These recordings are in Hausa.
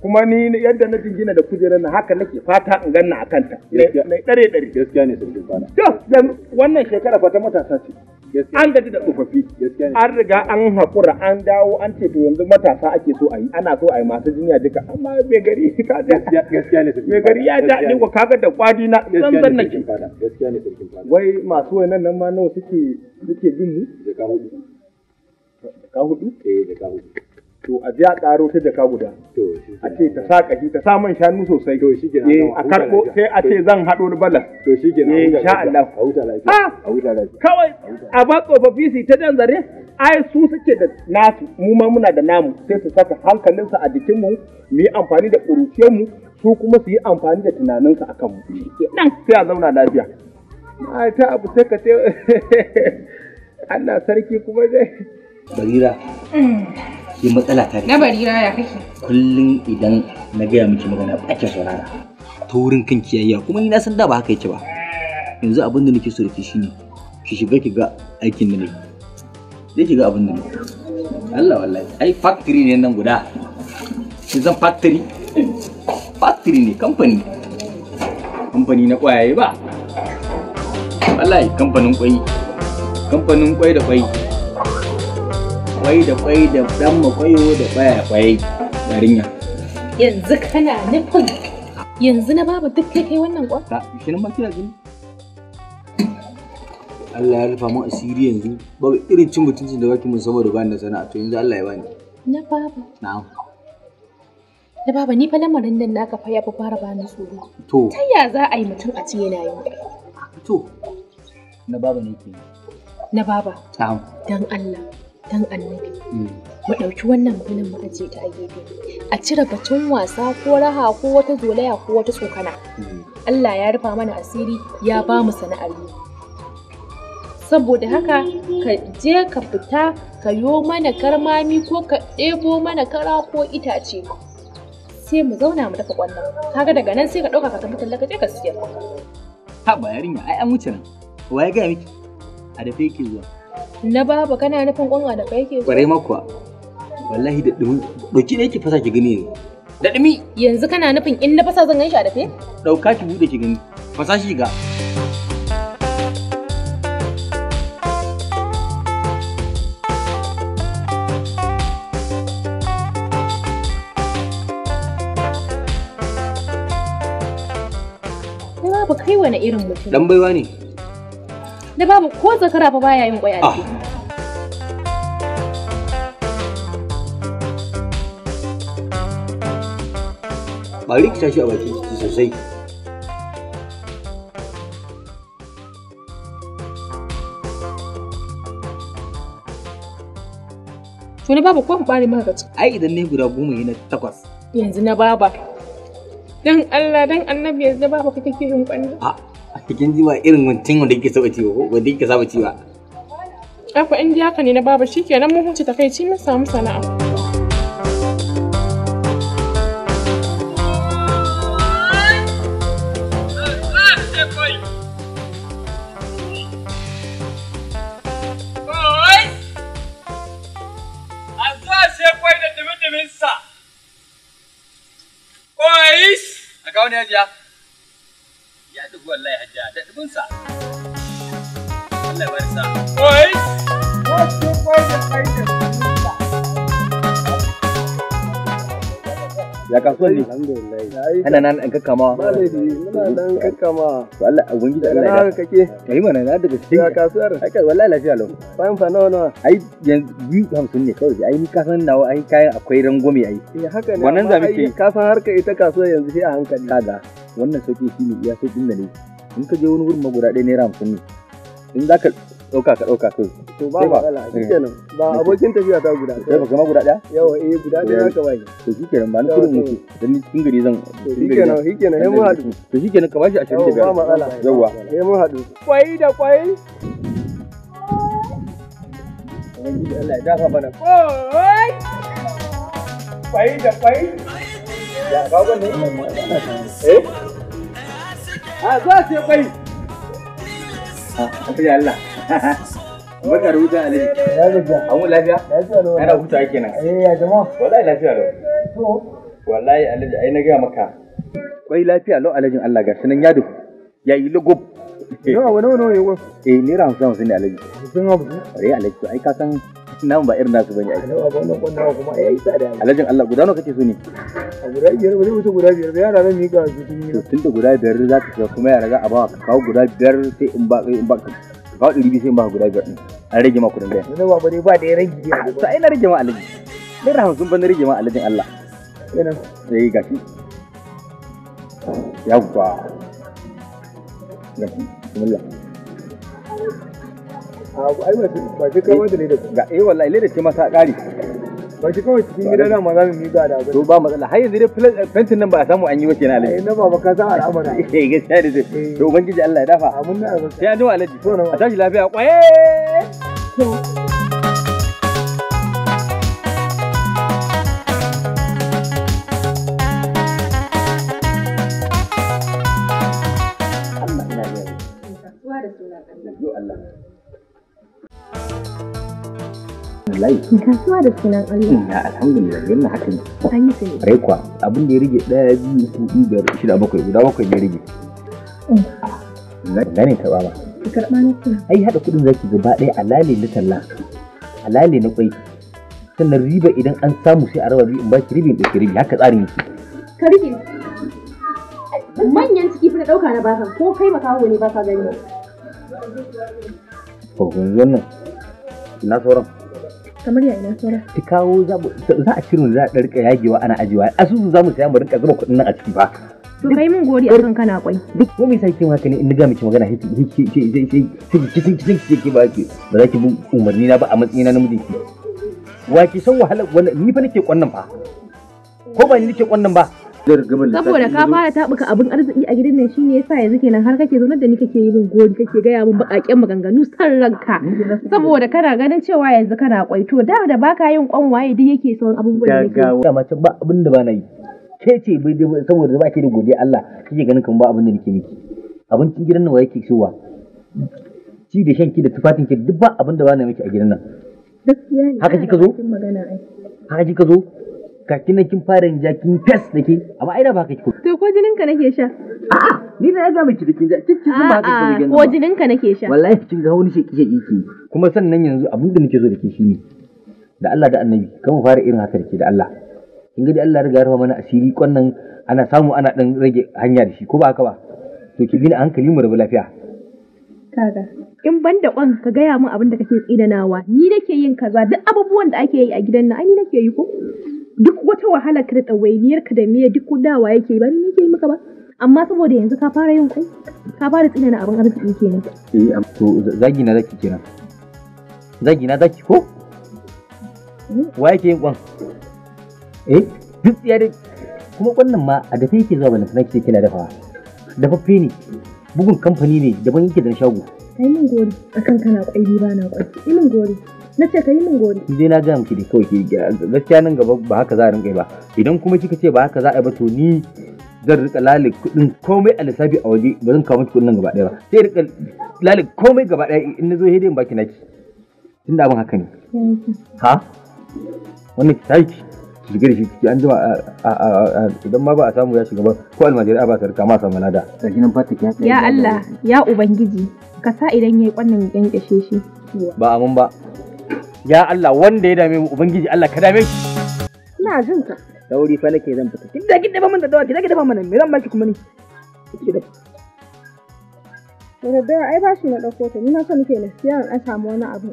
kuma ni yadda na jingina da kujerar na haka nake fata in ganna a kanta na dare dare gaskiya ne sun bana to wannan shekara fata matasa ce an gaji da tsofaffi an riga an haƙura an dawo an ce to yanzu matasa ake so a yi ana so a yi masu jinya duka amma mai gari ka da gaskiya ne mai gari ya da ni ko kaga da kwadi na san san nake gaskiya ne wai masu wannan nan ma nawa suke suke bin mu da ka hudu ka hudu eh da ka hudu to a biya karo ta jaka guda a ce ta sa shi ta sa man shanu sosai to shi eh, a karko sai a ce zan haɗo ni balas to shi kenan eh, insha Allah a huta lafiya ah! a huta lafiya kawai a ba tsofaffi su ta jan zare ai su suke da nasu mu ma muna da namu sai su saka hankalinsu a jikin mu mu yi amfani da kuruciyar mu su kuma su yi amfani da tunaninsu a kan mu nan sai a zauna lafiya ai ta abu sai ka ce Allah sarki kuma dai barira mm. yi matsala ta na bari raya kake kullum idan na gaya miki magana ba ki saurara ta wurin kan kiyayya kuma ni na san da ba haka yake ba yanzu abin da nake so da ke ne ki shiga ki ga aikin da ne zai ga abin da ne. Allah wallahi ai factory ne nan guda Shi zan factory factory ne kamfani kamfani na kwayaye ba wallahi kamfanin kwai kamfanin kwai da kwai kwai da kwai da dan makwayo da baya kwai yarinya yanzu kana nufin yanzu na babu duk kai kai wannan kwa ta shirin ma kina jini Allah ya rufa mu asiri yanzu babu irin cin mutuncin da baki mun saboda ni da sana'a to yanzu Allah ya bani na baba na'am da baba ni fa lamarin nan naka fa ya fi fara ni tsoro to ta ya za a yi mutum a ce yana yi to na baba ne ke na baba ta'am dan Allah dan annabi mm. mu ɗauki wannan maganar mu ajiye ta a gefe a cire batun wasa ko raha ko wata zolaya ko wata tsokana mm. Allah ya rufa mana asiri ya ba mu sana'ar yi saboda haka ka je ka fita ka yo mana karmami ko ka ɗebo mana kara ko itace sai mu zauna mu dafa kwallon kaga daga nan sai ka ɗauka ka tafi tallaka je ka siyar ha ba yarinya ai an wuce nan wai ga miki a dafe yake zuwa Na baba kana nufin kwan a daga ke Kwarai makwa. Wallahi da dumi. Doki ne ki fasa ki gani ne. Da dumi. Yanzu kana nufin in na fasa zan gan shi a dafe? Dauka ki bude ki gani. Fasa shi ga. Ba kai wani irin mutum. Dan baiwa ne. da babu ko zakara fa baya yin kwai a ah. ciki ba rikita shi a bakin ciki sosai To na baba ko in bare maka gaci. Ai idan ne guda goma yana takwas. Yanzu na baba. Dan Allah dan Annabi yanzu na baba kake yin kwanna. A a cikin irin wancan wanda yake saba ciwo ko wanda yake saba ciwa in ji haka na baba mun huce takaici mun samu sana'a wallahi hajja da dubin sa Allah ya sa kai ya kasuwan ni ana nan an kakkama ba laifi muna nan kakkama to Allah ubangiji Allah ya kake kai mana na daga cikin ya kasuwar ai kai wallahi lafiya lau bayan fa nawa nawa ai yanzu biyu hamsin ne kawai ai ni ka san nawa ai kayan akwai rangwame ai eh, haka ne wannan za muke ka san harka ita kasuwar yanzu sai a hankali kaga wannan sauki shine iya saukin da ne in ka je wani wurin ma ɗaya naira hamsin ne in za ka ɗauka ka ɗauka kai to ba ba eh. shikenan ba abokin tafiya ta guda ɗaya ba kama guda ɗaya yawa eh guda ɗaya ka bai to shikenan ba ni kudin mutu dan ni kin gari zan shikenan shikenan sai mun haɗu to shikenan ka bashi 25 ba matsala yawa hemu hadu kwai da kwai Allah ya dafa mana kwai kwai da kwai ya ba wannan eh a za sai kwai A Allah baka rubuta a lejik ya gaja an lafiya lafiya lo yana hutawa kenan eh ya jama'a wallahi lafiya lo to wallahi ai na ga maka kwai lafiya lo alhajin Allah gashi nan ya yi lugub Nawa wani wani wani wani? Eh, hamsin hamsin ne alaji. Hamsin hamsin? alaji, ai ka san nan ba irin nasu bane ai alhajin Allah guda nawa kake so ne a guda biyar ba zai wuce guda biyar ba yara zan miƙa su tun yi tun da guda biyar za ka kuma yara za a ba ka kawo guda biyar sai in ba in ba ka kawo ɗari biyu sai in ba guda biyar an rage ma kuɗin gaya yanzu ba ba dai ba da ya rage to ai na rage ma alhaji naira hamsin ba na rage ma alajin Allah kenan sai gashi yawwa gashi bismillah ai ba shi kawai da leda ga eh wallahi leda ce masa ƙari ba shi kawai cikin gida na ma za mu miƙa da abin to ba matsala har yanzu dai fentin nan ba a samu an yi ba kenan alai eh, na baba ka san al'amari eh gaskiya da zai eh. to ubangiji Allah ya dafa amin na sai an ji alaji a tashi lafiya kwaye wallahi kasuwa da sunan Allah hmm, ya alhamdulillah wannan haka ne sai yi sani kwa abin da ya rige ɗaya biyu hudu biyar shida bakwai guda bakwai ya rige eh oh. ne ta baba ki karba na kuma ai hada kudin zaki gaba daya alale na talla alale na kwai sannan riba idan an samu sai a raba biyu in baki ribin da ɗauki ribi haka tsarin yake ka rige manyan ciki fi dauka na baka ko kai ba makaho ne ba ka gani ba wannan na sauran kamar ya ina tura ki kawo za a ciro za a rika yagewa ana ajiyewa asusu za mu saya mu rinka zuba kuɗin nan a ciki ba to kai mun gode akan kana kwai duk ko me sai kin haka ne in ga miki magana hiki hiki hiki hiki hiki hiki ba ki ba za ki bi umarni na ba a matsayina na mijinki wa ki san wahala wannan ni fa nake kwannan fa ko ba ni nake kwannan ba saboda ka fara tabuka abin arziki a gidan nan shine yasa yanzu kenan har kake zaune da ni kake yi min gori kake gaya min bakaken maganganu san ranka saboda kana ganin cewa yanzu kana kwaito da da baka yin kwan waye duk yake sauran abubuwan da yake ga mace ba abin da ba na yi ke ce saboda ba ke da godiya Allah kike ganin kan ba abin da nake miki abincin gidan nan wa yake cewa ci da shanki da tufafin ki duk ba abin da ba na miki a gidan nan haka kika zo haka kika zo ga na kin fara ja kin fes da ke amma ai da ba ka ki to ko jinin ka nake sha a'a ni da ga miki da ja kin kin ba ka ki ko jinin ka nake sha wallahi kin ga wani shi sheki ki kuma sannan yanzu abin da nake so da ke ne. da Allah da Annabi kan mu fara irin haka dake da Allah in ga dai Allah riga ya mana asiri kwannan ana samu ana dan rage hanya da shi ko ba haka ba to ki bi hankali mu da lafiya kaga in ban da kwan ka gaya min abin da kake tsidanawa ni nake yin kaza duk abubuwan da ake yi a gidan nan ai ni nake yi ko duk wata wahala ka da tsawainiyar ka da miya duk dawa yake ba ni ke yi maka ba amma saboda yanzu ka fara yin kai ka fara na abin arziki kenan eh to zagi na zaki kenan zagi na zaki ko hmm? wa yake yin kwan eh duk ya da kuma kwannan ma a dafe yake zuwa balantana ke kina dafawa dafaffe ne bugun kamfani ne daban yake da na shago kai min gori akan kana kwai ba na kwai min gori na ce ka yi min gori ki je na ga miki da kawai ki gaskiya nan gaba ba haka za a rinka yi ba idan kuma kika ce ba haka za a yi ba to ni zan rika lalik kudin komai a lissafi a waje ba zan kawo miki kudin nan gaba daya ba sai rika lalik komai gaba daya in na zo in baki naki da abin haka ne ha wannan ki tashi ki shiga da shi ki an jima idan ma ba a samu ya shiga ba ko almajiri ba rika ma samu lada ya Allah ya ubangiji ka sa idan yayi kwannan yankashe shi ba amin ba ya Allah wanda ya dame mu ubangiji Allah ka dame shi ina jin ka dauri fa nake zan fita kin da kin da mun da dawa kin da kin mun me zan baki kuma ni kike da da da ai ba shi na dauko ta ni na so nake na siya an samu wani abu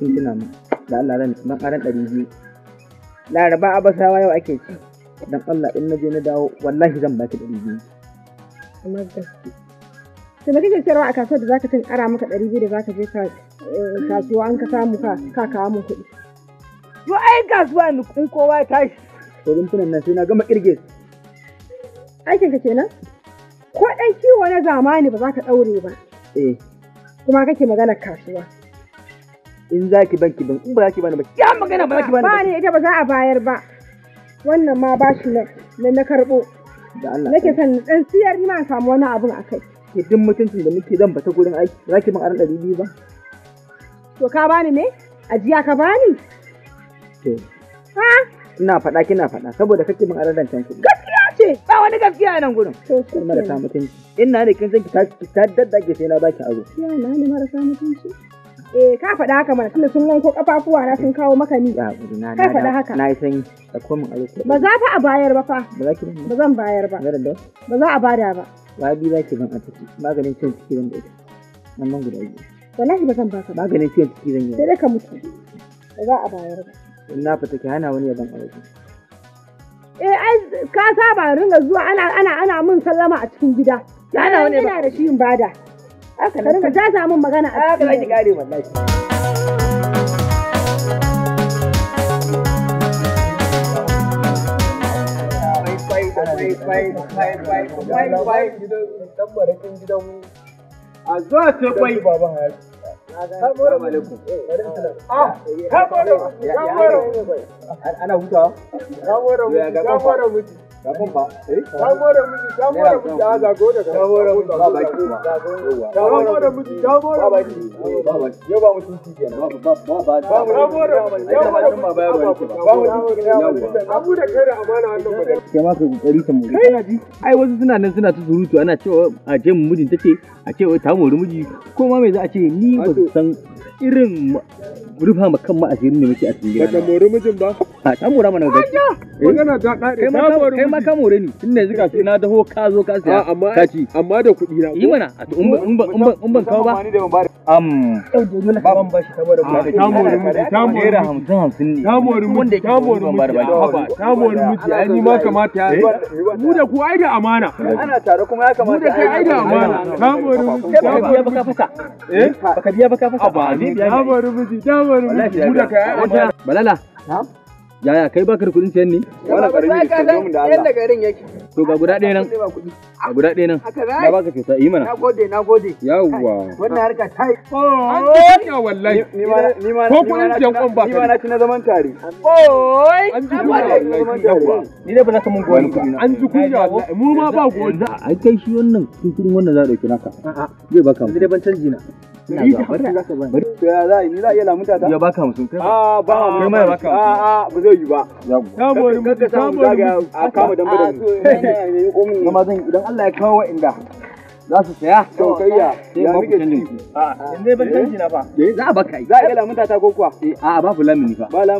kin kina mu da Allah ran dan aran 200 laraba abasawa yau ake ci dan Allah in naje na dawo wallahi zan baki 200 kamar gaske sai me kake sayarwa a kasuwar da zaka tun ara maka 200 da zaka je ka Eh, kasuwa an ka samu ka kawo mun kuɗi. Yo ai kasuwa ni kun kowa tashi. To rumfunan nan sai na gama kirge. Aikin ka kenan? Ko ɗan kiwo na zamani ba za ka ɗaure ba. Eh. Kuma kake magana kasuwa. In za ki banki ban in ba za ki bani ba. Ya magana ba za ki bani ba. Ba ne ita ba za a bayar ba. Wannan ma bashi na na karɓo. Da Allah. Nake son ɗan siyar ni ma samu wani abu a kai. Ke duk mutuncin da muke zan bata gurin aiki za ki min aran ɗari biyu ba. To ka bani me? Ajiya ka bani? To. Ha? Ina faɗa kina faɗa saboda kake min aradan can Gaskiya ce ba wani gaskiya nan gurin. To mara ta mutunci. Ina da kin san ki ta ke sai na baki aro. Ya na ni marasa mutunci. Eh ka faɗa haka mana tunda sun wanko kafafuwa na sun kawo maka ni. Ka faɗa haka. Na yi sanyi da min aro. Ba za fa a bayar ba fa. Ba za ki ba. zan bayar ba. Ba za a bada ba. Ba bi za ki ban a ciki maganin cin ciki da ita. Nan man guda biyu. wallahi ba zan baka ba maganin ciwon ciki zan yi sai dai ka mutu ba za a bayar ba na fita hana wani ya ban aure eh ai ka saba ringa zuwa ana ana ana mun sallama a cikin gida ana wani ba da shi in bada haka ne ka jaza mun magana a cikin haka zaki kare wallahi kwai kwai kwai kwai kwai kwai kwai kwai a zuwa ce kwai baban hayaki Assalamu alaikum. Ah, ana hutawa? Kamar mutu, mutu. Sabon eh? ah, ba. ba Ba Ba ba ba. ka Ai wasu suna nan suna ta surutu ana cewa a mu mijin take a ce ta mori miji ko ma me za a ce ni ba san irin rufa ma kan ma ne muke a cikin gida. Ba mori mijin ba. a ta mura mana gaci eh? magana ta kai ma kai ma ka more ni tunda yanzu gashi na daho ka zo ka saya ka ci amma da kuɗi na yi mana in ban in ban kawo ba am ba ban saboda ta mu ta ta mu ta mu ta mu ni ma kamata ya eh? mu da ku ai da amana ana tare kuma mu da amana ta more mu ta mu ta mu ta mu mu balala Yaya kai baka da kudin siyan ni Wannan garin ne ka da Allah. Yanda garin yake. To ga guda ɗaya nan. Ga guda ɗaya nan. Na baka kyauta yi mana. Nagode nagode. Yawwa. Wannan harka ta yi. Oh, An ci wallahi. Ni ma ni ma ko kun jan yankon ba. Ni ma na ci na zaman tare. Oi. An ji kunya wallahi. Ni da ba za ka mun gowani kuɗi. An ji kunya wallahi. Mu ma ba gowani. a kai shi wannan kuɗin wannan za a dauki naka. A'a. Zai baka mu. Ni da ban canji na. ya ni za iya lamunta baka hamsin kai a ah, ba ma kai ma ya baka a a ba zai yi ba ya mu ka samu a kama dan kuma zan idan Allah ya kawo wa'inda za su saya ya a ban canji na eh, za a baka za a lamunta ta ko kuwa eh, a a fa ba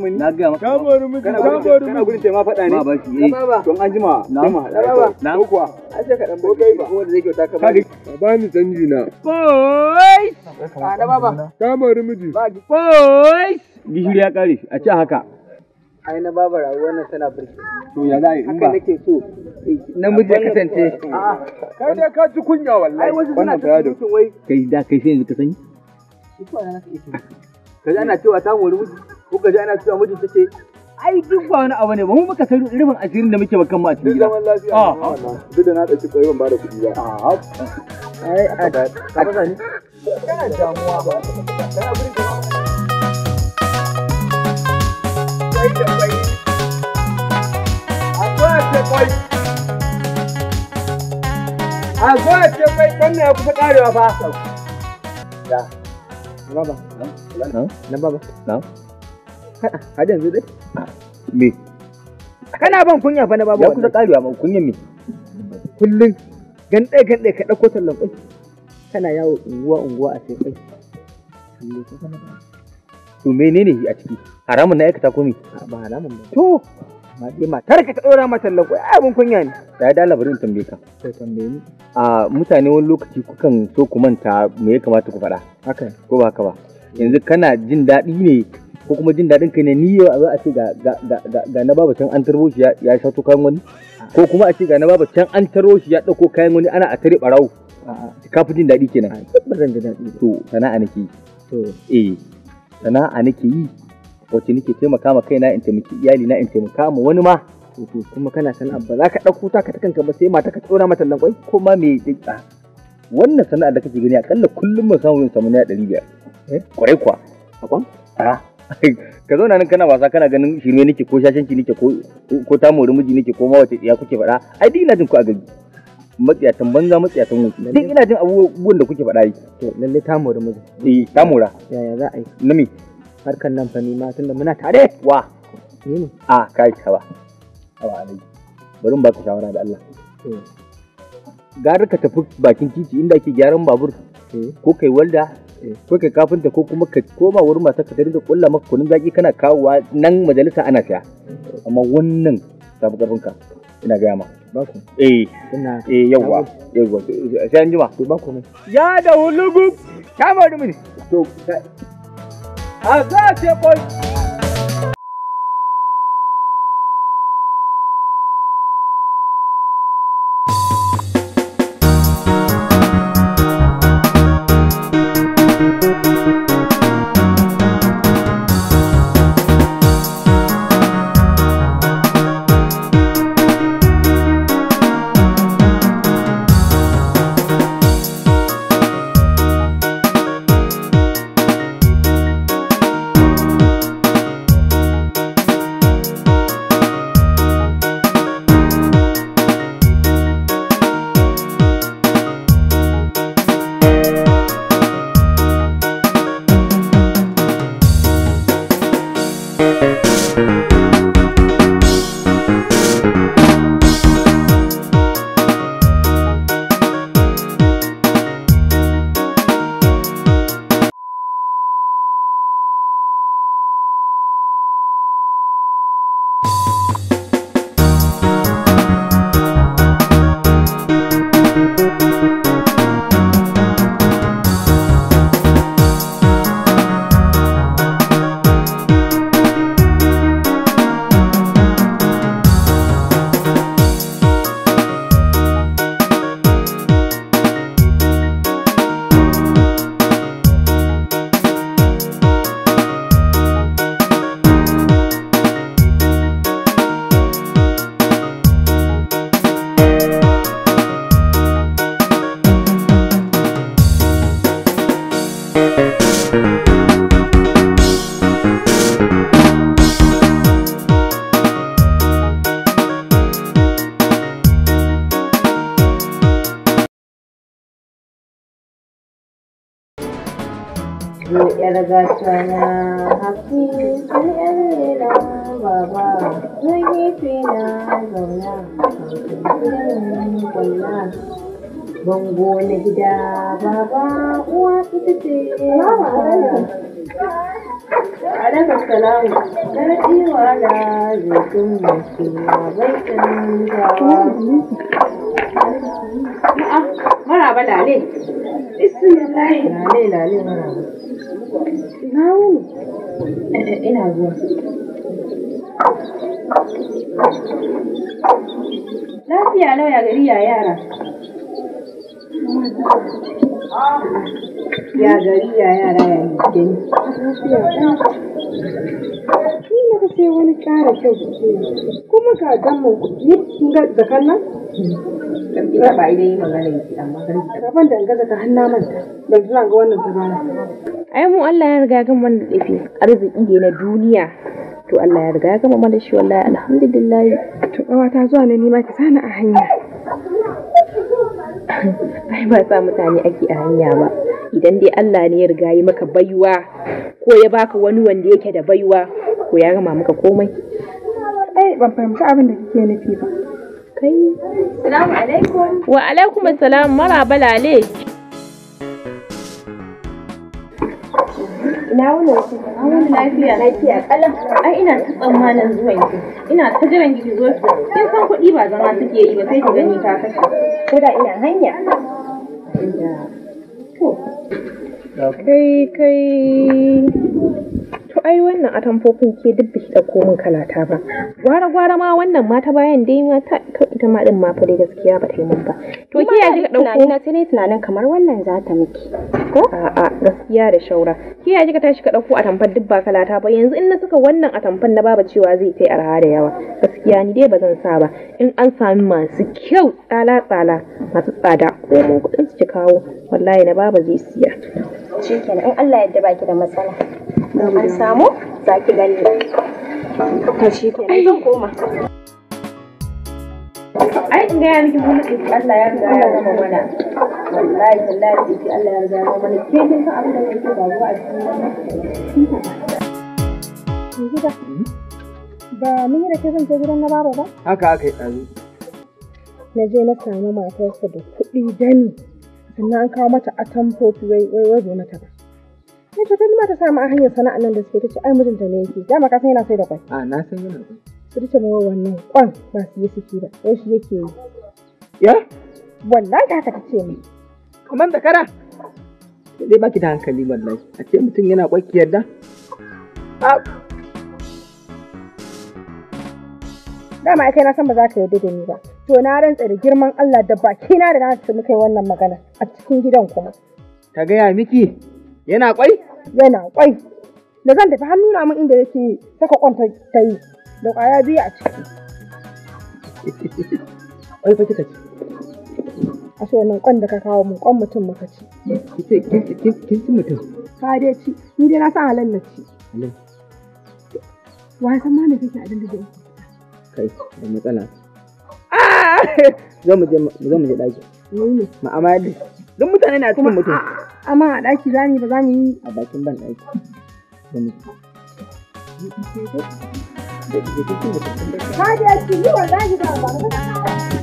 na ga maka mu gurin tema fada ne eh. ba ba shi an jima na ma ba na ko kuwa ka dan ba da zai kyauta ka canji na boy a baba miji boy gishiri ya kare a ci haka ai na baba rayuwar nan tana birki to ya zai in ba nake so Na namiji ya kasance kai dai ka ji kunya wallahi Ai wasu suna fa yado kai da kai sai ka sani kaji ana cewa ta mori miji ko ka ji ana cewa miji take ai duk ba wani abu ne ba mu muka san rubin asirin da muke makan mata. a cikin gida duk ah. da na dauki koyi ban bada kuɗi ba ah. ai a ka ba ni kana damuwa ba kana birgewa akwai ce kwai a zo a ce kwai wannan ya kusa karewa ba sau da na baba na baba na har yanzu dai me kana ban kunya fa na baba ya kusa karewa ma kunyan me kullum ganɗe ganɗe ka ɗauko tallan kwai kana yawo unguwa unguwa a sai kwai to menene a ciki haramun na aikata ko me ba haramun ba to ma dai matar ka ta dora mata ai abun kunya ne da da labarin tambaye ka sai tambaye ni a mutane wani lokaci kukan so ku manta me ya kamata ku faɗa haka ko ba haka ba yanzu kana jin daɗi ne ko kuma jin daɗin kai ne ni yau a ce ga ga na babu can an tarbo shi ya shato kayan wani ko kuma a ce ga na babu can an taro shi ya dauko kayan wani ana a tare barawo ka fi jin daɗi kenan ba zan ji daɗi to sana'a nake to eh sana'a nake yi wacce nake taimaka ma kaina in taimaki iyali na in taimaka ma wani ma to kuma kana sana'a ba za ka ɗauko ta ka ta ba sai mata ka tsora mata lankwai ko ma me dinka wannan sana'a da kake gani akalla kullum mun samu yin samu na ɗari biyar kwarai eh, kuwa akwan a ah, ka zauna nan kana wasa kana ganin shirme nake ko shashanci nake ko ko mori miji nake ko ma wace iya kuke faɗa ai duk ina jin ku a gari matsiyatan banza matsiyatan wuce duk ina jin abubuwan da kuke faɗa yi to lalle ta mora mu eh ta mora yaya za a yi na me harkan nan fa ni ma tunda muna tare wa ni ne a kai ka ba awa alai bari baka shawara da Allah eh. Gari ka tafi bakin titi inda ake gyaran babur eh. ko kai walda eh. ko kai kafinta ko kuma ka koma wurin masu ka dinga kulla maka kunun zaki kana kawowa nan majalisa ana siya amma wannan tafi karfinka ina gaya ma bakun eh ina eh yawa yawa eh, sai an jima to bakun ne ya da hulugu kamar da mini to a za ce boy 'yar gata na hafsi sai 'yar rena baba zo gefe na zauna gidan gwanna bango na gida baba uwa ita ce Alaka salamu, karɗi wa da zai kuma shi bai canzawa. Maraba lale. Bismillahi. Lale lale eh, eh, Ina zuwa. Lafiya gari ya yara. Ya gari ya yara ya yi na sai wani ƙara kyau kuma ga damar yi ga zakan nan ba ba idan yi magana yi amma ban da gaza ka hanna manta ban zuwa ga wannan tabara ai mu Allah ya riga gama mana da tafi arziki ne na duniya to Allah ya riga ya gama mana shi wallahi alhamdulillah to kawata zuwa ne ni ma ki sani a hanya ai ba sa mutane ake a hanya ba idan dai Allah ne ya riga yi maka baiwa ko ya baka wani wanda yake da baiwa ko ya gama maka komai ai eh, ban fahimci abin da kike nufi ba kai assalamu alaikum wa alaikum assalam mara balale ina wani wasu wani lafiya lafiya kalan ai ina ta tsammanin zuwa yanzu ina ta jiran ki zo su kin san kuɗi ba zama suke yi ba sai ki gani ka kashe ko da ina hanya kai kai to ai wannan atamfofin ke duk biki da komin kalata ba gwara gwara ma wannan mata bayan dai ma ta ita ma din ma fa dai gaskiya ba ta yi min ba to ke ya ka dauko na sai tunanin kamar wannan za ta miki ko a'a gaskiya da shaura ke ya ka tashi ka dauko atamfar duk ba kalata ba yanzu in na saka wannan atamfan na baba cewa zai kai arha da yawa gaskiya ni dai ba zan sa ba in an sami masu kyau tsala tsala masu tsada ko mun kudin su ci kawo wallahi na baba zai siya kenan in Allah ya yarda baki da matsala an samu za ki gani ta shi ke ai zan koma ai in ga yanki mun ki Allah ya riga ya zama mana wallahi wallahi ki Allah ya riga ya zama mana ke kin san abin da yake zuwa a cikin wannan hmm? ba mun yi da zan je gidan na baba ba haka haka yanzu na je na samu matarsa da kuɗi dani sannan an kawo mata atamfofi wai wai wai zo mata ba Ne ta ta ta samu a hanyar sana'a nan da suke ta ce ai mijinta ne yake. Dama ka san yana sai da kwai. A na san yana kwai. Su ta mawa wannan kwan ba su yi suke ba. Wai shi yake yi. Ya? Wallahi haka ta ce mai. Kamar da kara. Dai baki da hankali wallahi. A ce mutum yana kwai ki yarda. Dama ai kai na san ba za ka yarda da ni ba. To na rantsa da girman Allah da bakina da na muka yi wannan magana a cikin gidan kuma. Ta gaya miki? Yana kwai? Yana kwai. Da zan tafi hannu na mun inda yake saka kwanta ta yi da kwaya biyu a ciki. Kwai fa kika ci. A so nan kwan da ka kawo mun kwan mutum muka ci. Kin ci mutum? Ka dai ci, ni dai na san halal na ci. Halal. Wa ya san ma me kake a dinga da Kai, da matsala. Ah! Zan mu je ɗaki. Ni ne. Ma'amali. Duk mutane na cikin mutum. Ah, amma a ɗaki za ba za mu yi a bakin ban ɗaki da a cikin yi wa zaki ba ba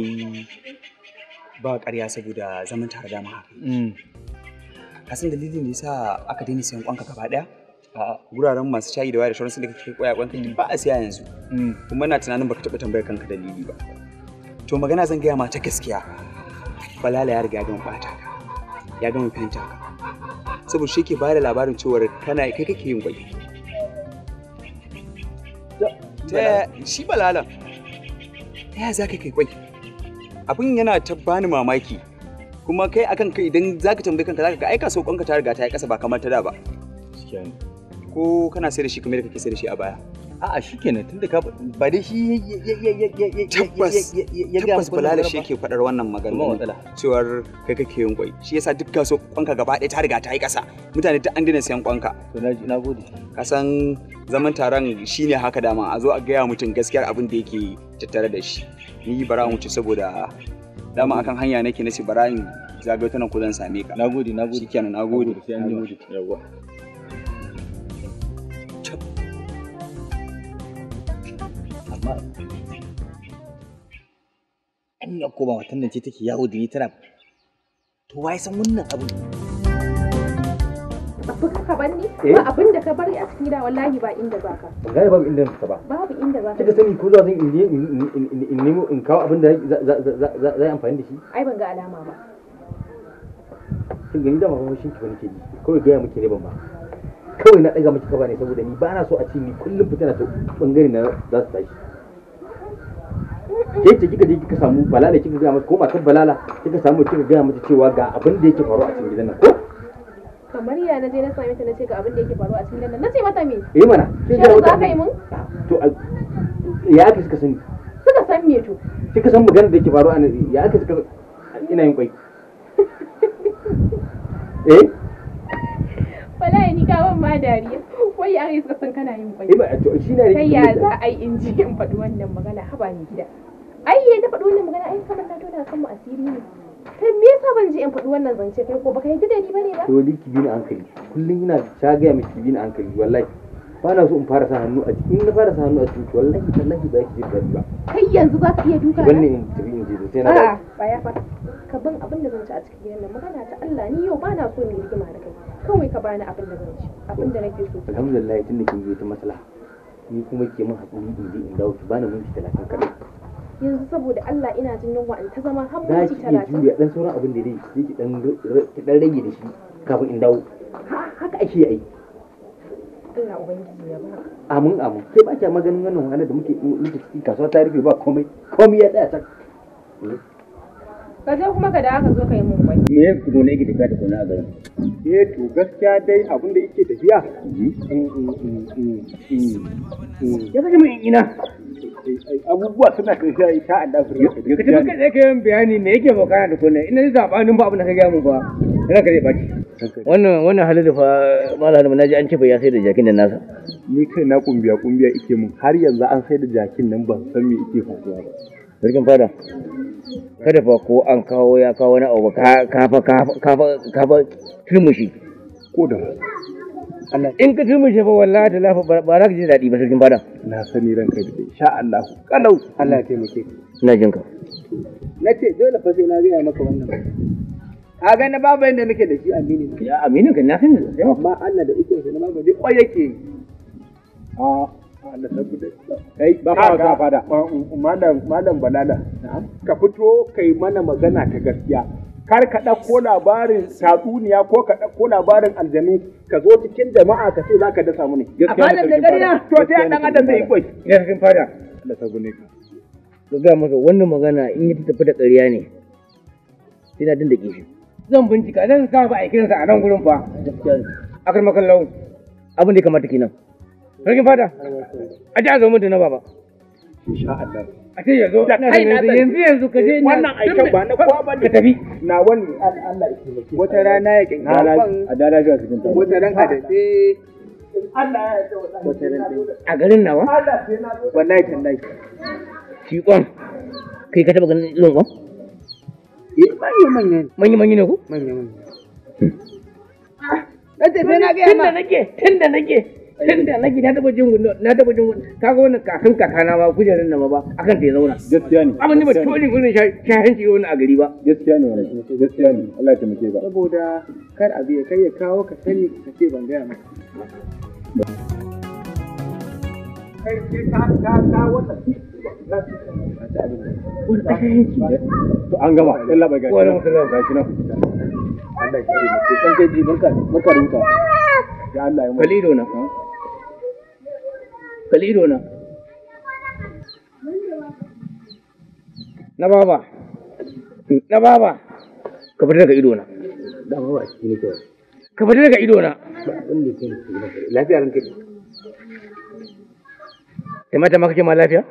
wai ba ƙarya saboda zaman tare da haka. Mm. kasan dalilin da yasa aka daina sayan kwanka gaba ɗaya? A wuraren masu shayi da waya da sauransu da kake koya kwanka ba a siya yanzu. Mm. Kuma na tunanin baka taɓa tambayar kanka dalili ba. To magana zan gaya ma ta gaskiya. Falala ya riga ya gama ɓata ka. Ya gama fahimta ka. Saboda shi ke bada labarin cewar kana kai kake yin gwai. Eh, shi balala. Ta yaya za ka kai kwai? abin yana ta bani mamaki kuma kai akan kai idan zaka tambayi kanka zaka ga ai kasuwar ka ta riga ta yi kasa ba kamar ta da ba ko kana sai da shi kamar da kake sai da shi a baya a'a shikenan tunda ka ba dai shi tabbas tabbas balala shi yake faɗar wannan magana cewa kai kake yin kwai shi yasa duk kaso kwanka gaba ɗaya ta riga ta yi ƙasa mutane duk an dina sayan kwanka to na gode ka san zaman taron shine haka dama a zo a gaya mutum gaskiyar abin da yake tattare da shi ni bara ci saboda dama akan hanya nake na bara in zagayo ta nan ko zan same ka nagode nagode shikenan nagode sai an ji mutu mara wannan ko ba watan nan ce take yawo da ni tana to wai san wannan abin Abu ka bar eh? Ba abin da ka bari a cikin gida wallahi ba inda ba ka. ba ba inda ka ba. Babu inda za ka. Kika sani ko zuwa zan in nemo in kawo abin da zai amfani da shi? Ai ban ga alama ba. Kin gani da mafi shi kiba nake ji. Kawai gaya miki ne ban ba. Kawai na ɗaga miki kaba ne saboda ni ba na so a ce ni kullum fitina ta bangare na za su tashi. ke ce kika je kika samu balala kika ga mata ko matar balala kika samu kika ga mata cewa ga abin da yake faru a cikin gidan nan ko kamar ya na je na same ta ce ga abin da yake faru a cikin gidan nan sai mata me eh mana kin ga wata kai mun to ya aka suka sani suka san me to kika san magana da yake faru a nan ya aka suka ina yin kwai eh wallahi ni gaban ma dariya wai yare suka san kana yin kwai eh, ba to shi ne kai ya za a yi inji in faɗi wannan magana haba ni gida ai yayin eh, da faɗi wannan magana ai kamar na tona kan mu asiri ne kai me yasa ban je in faɗi wannan zance kai ko baka yi da ni bane ba to duk bi ni hankali kullum ina ta ga miki bi ni hankali wallahi ba na so in fara sa hannu a cikin na fara sa hannu a cikin wallahi wallahi ba ki jin ba kai yanzu za ka iya duka na wannan in tafi in je sai na ba ya fa ka bin abin da zan ci a cikin gidan magana ta Allah ni yau ba na so ni rigima da kai kawai ka bani abin da zan ci abin da nake so alhamdulillah tun da kin je ta maslaha ni kuma ke min hakuri in je in dawo ki bani minti 30 kadai yanzu saboda Allah ina jin yunwa in ta zama har minti 30 za ki dan sauran abin da dai ki dan ki dan rage da shi kafin in dawo haka ake yi Allah ubangiji ya baka amin amin sai ba ki maganin wannan wahalar da muke muke ciki kasuwa ta rufe ba komai komai ya tsaya tak ka kuma ka da aka zo ka yi mun wai me ya tuko ki tafiya da kuna a garin eh to gaskiya dai abin da yake tafiya mm-hmm. ya saki min ina eh, eh, abubuwa suna tafiya insha Allah su rage ka tafi kai kai yin bayani me yake bukana da kuna ina zabanin ba abin da ka ga mu ba ina ka zai wannan wannan halin da fa malamin naji an ce ba ya sai da jakin da nasa ni kai na kumbiya kumbiya ike mun har yanzu an sai da jakin nan ban san me ike faruwa ba sarkin fada kada fa ko an kawo ya kawo wani abu ka fa ka fa turmushi ko da in ka turmushe fa wallahi ta lafa ba za ka ji daɗi ba sarkin bada na sani ranka da sha Allah kalau Allah ya taimake ina jin ka na ce dole fa sai na ga maka wannan a ga na babu yanda nake da shi aminin ya aminin ka na sani amma Allah da iko sai na babu duk kwai yake a ah. Allah saboda kai ba fa wasa fada um, um, malam malam balala ka fito kai mana magana ta gaskiya kar ka ɗauko labarin tatsuniya ko ka ɗauko labarin aljanu ka zo cikin jama'a ka ce za ka dasa mu ne. A fadar da gari na to sai ɗan adam zai yi kwai. Ya cikin fada. Da ta gune ka. Ka gaya masa wannan magana in ya tafi da ƙarya ne. Sai na dindake shi. Zan bincika zan sa ba a a nan gurin fa. A karmakan lau abin da ya kamata kenan. Sarkin fata A ji a zo mutu na baba. A ce Yanzu ka je wannan Ka A ta. Wata ka Allah ya A garin nawa? Allah Kai ka taba ganin ilon eh, ne ah, Na tafi nake. dan da nake na taba jin na taba jin wannan kakan kakana ma kujerin nan ba akan ta zauna gaskiya ne abin da ba tolin gurin shahin ciwo wani a gari ba gaskiya ne wannan gaskiya ne Allah ya taimake ka saboda kar a biya kai ya kawo ka sani ka ce ban gaya maka an gama gashi kan kai ji barka barka da ya Allah ya kalido na kalli ido na na baba na baba ka fita daga ido na da baba shi ne ka fita daga ido na lafiya ranka kai mata ma kake ma lafiya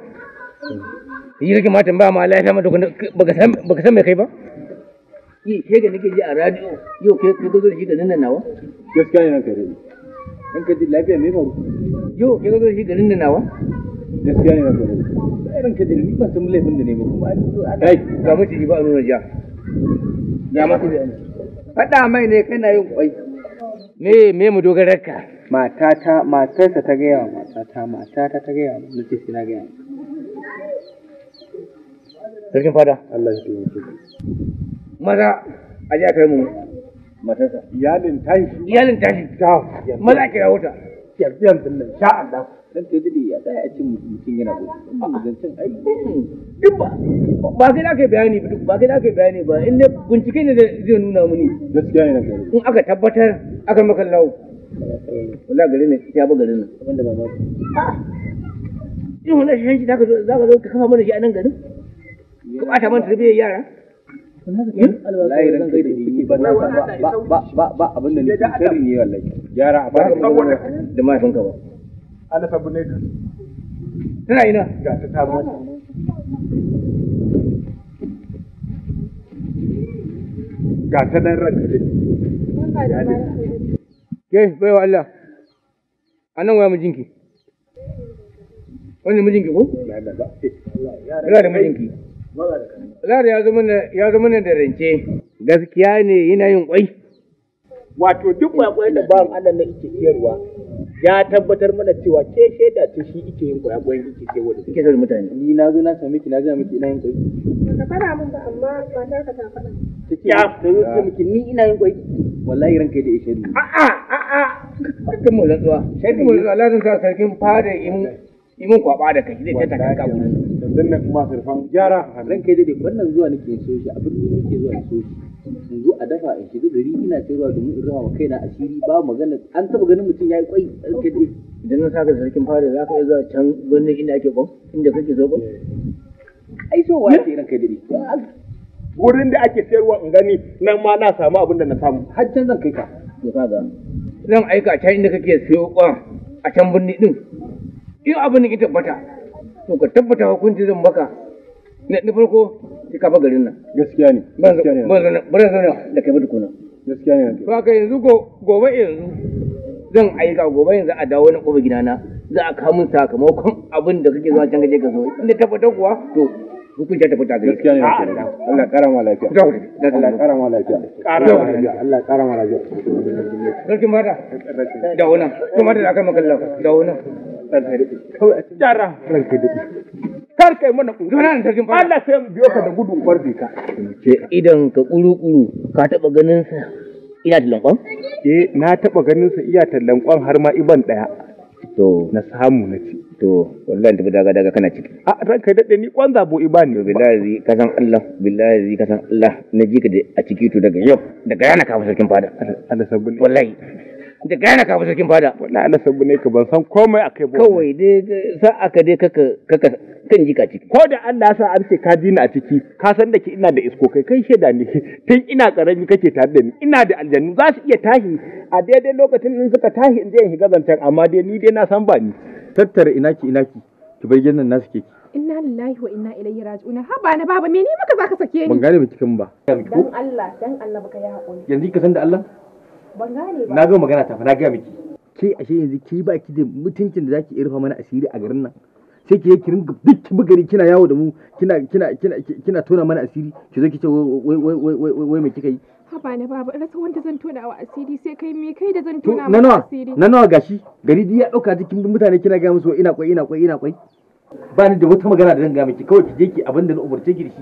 yi rage mata ba ma lafiya mata baka san mai kai ba yi ga nake ji a radio yau kai kai zo da shi da nan nawa gaskiya ne ranka dan kaji lafiya me faru yau ke zo shi garin da nawa gaskiya ne na faru sai eh, kaji ni ba san laifin da ne ba kuma ai ga mace ji ba nuna ja ga mace faɗa mai ne na yin kwai me me mu dogarar ka matata matarsa ta gaya wa matata matata ta gaya wa nace sai na gaya sarkin fada Allah ya taimake maza a ji a kai mu matarsa iyalin tashi iyalin tashi ta maza ki rawo ta yanzu nan sha Allah dan to dade ya sai a cin mutum yana gudu zancin ai hmm. duk ba ba kai da kai bayani ba ba kai da kai bayani ba in ne bincike ne zai nuna muni gaskiya ne kai in aka tabbatar aka maka lawo wala gari ne ya ba garin nan abinda mamaki ah! in wannan shi da ka zo ka kafa mana shi a nan garin ka bata man tarbiyyar yara Eh? layi ran kai da suke ba ba ba ba abin da ne sirri ne wallahi gyara a fara saboda da mahaifinka ba ana sabu ne da tana ina ga ta ta ba ga ta nan ran kai ke baiwa Allah anan waya mijinki wannan mijinki ko? Yana da mijinki. Zahar ya zama na da rance. Gaskiya ne yana yin kwai. Wato duk kwaikwai da ba Allah na ike siyarwa ya tabbatar mana cewa ke shaida ce shi ike yin kwaikwai ike siyarwa da ike siyarwa mutane. Ni na zo na same ki na zo miki ina yin kwai. Ka fara mun ba amma ba ta ka ta fara. faɗa. Ya ta zo ah, miki ni ina yin kwai. Wallahi ranka da ishe ni. A'a a'a. Sarkin mu rantsuwa. Sarkin mu rantsuwa ladan sa sarkin fada imun imun kwaba da kai zai ta takanka gurin. dan nan kuma sarfan gyara ran kai dai wannan zuwa nake so shi abin da nake zuwa so shi in zo a dafa in shiga gari ina cewa domin in rawa kaina asiri ba magana an taba ganin mutum yayi kwai kai dai idan na saka sarkin fara za ka iya zuwa can birnin inda ake kwan inda kake so kwan ai so wa ke ran kai dai wurin da ake sayarwa in gani nan ma na samu abin da na samu har can zan kai ka to kaga zan aika can inda kake sayo kwan a can birni din in abin da ke tabbata to ka tabbata hukunci zan baka na farko sai ka garin nan gaskiya ne ban zauna da kai ba tukuna gaskiya ne to haka yanzu gobe yanzu zan aika gobe yanzu a dawo na kofa gidana za a kawo min sakamakon abin da kake zuwa can gaje ka zo inda tabbata kuwa to hukunci ta fita gaskiya ne Allah kara ma lafiya Allah kara ma lafiya kara ma lafiya Allah kara ma lafiya sarki mata da wannan kuma da aka maka Allah da wannan ranka daɗe kawai a cikin jara ranka daɗe kar kai mana ku zana da sarkin Allah sai mu biyo ka da gudu ubar ka idan ka kuru-kuru ka taɓa ganin sa ina da lankon eh na taɓa ganin sa iya ta lankon har ma iban ɗaya to na samu na ci to wallahi da daga daga kana ciki a ranka daɗe ni kwan zabo ibani billahi ka san Allah billahi ka san Allah na ji ka a ciki to daga yau daga yana ka sarkin fada Allah sabbin wallahi da gane kafin sarkin fada wallahi Allah sabu ne ka ban san komai kai ba kawai dai sa aka dai kaka kaka kan jika ciki ko da Allah ya sa an ce ka ji a ciki ka san da ke ina da isko kai kai sheda ne tun ina karami kake tare da ni ina da aljannu za su iya tashi a daidai lokacin in suka tashi in zai higa shiga zancen amma dai ni dai na san ba ni tattara ina ki ina ki ki bar gidan nasu ke inna lillahi wa inna ilaihi raji'un haba na baba me ne maka zaka sake ni ban gane ba kikan ba dan Allah dan Allah baka yi haƙuri yanzu ka san da Allah Na ga magana ta fa na gaya miki. Ke ashe yanzu ki ba ki da mutuncin da zaki irfa mana asiri a garin nan. Sai ki yi kirin duk bugari kina yawo da mu kina kina kina kina tona mana asiri ki zo ki ce wai wai wai wai me kika yi. Haba na baba rasa wanda zan tona wa asiri sai kai me kai da zan tona mana asiri. Na nawa gashi gari ya dauka cikin mutane kina ga musu ina kwai ina kwai ina kwai. Ba ni da wata magana da zan ga miki kawai ki je ki abinda na umurce ki da shi